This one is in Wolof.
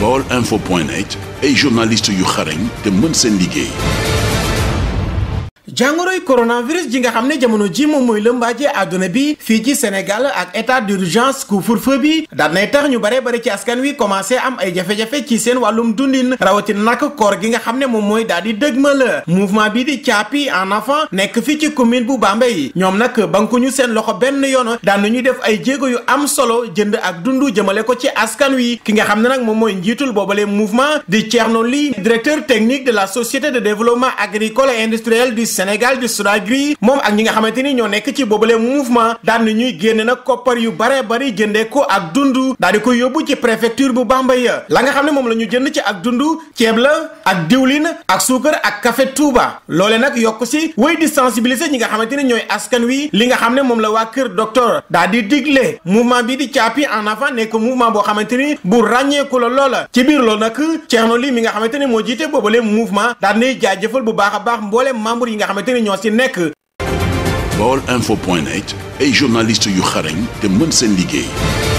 baol info point net ay journaliste yu xarañ te mën seen liggéey jàngoroy coronavirus ji nga xam ne jamono ji moom mooy lëmbaaje àdduna bi fii ci Sénégal ak état d'urgence couvre-feu bi daan nay tax ñu bare bare ci askan wi commencé am ay jafe-jafe ci seen wàllum dundin rawatin nag koor gi nga xam ne moom mooy daal di dëgmal mouvement bi di caapi en avant nekk fii ci commune bu Bambey ñoom nag bankuñu seen loxo benn yoon daan nañuy def ay jéego yu am solo jënd ak dundu jëmale ko ci askan wi ki nga xam ne nag moom mooy njiitul boobale mouvement di Thierno Ly directeur technique de la société de développement agricole Sénégal di SODAGRI moom ak ñi nga xamante ni ñoo nekk ci boobule mouvement daan na ñuy génne nag koppar yu bare bari jëndee ko ak dundu daal di ko yóbbu ci préfecture bu Bambey ya la nga xam ne moom la ñu jënd ci ak dundu ceeb la ak diwlin ak suukar ak kafe Touba loole nag yokk si wéy di sensibiliser ñi nga xamante ni ñooy askan wi li nga xam ne moom la waa kër docteur daal di digle mouvement bi di caapi en avant nekk mouvement boo xamante ni bu ràññeeku la loola ci biir loolu nag Thierno Ly mi nga xamante ni moo jiite boobule mouvement daal di jaajëfal bu baax a baax mboolem membre yi nga xamante ni ñoo si nekk. Baol info ay journalistes yu xarañ te mën seen liggéey.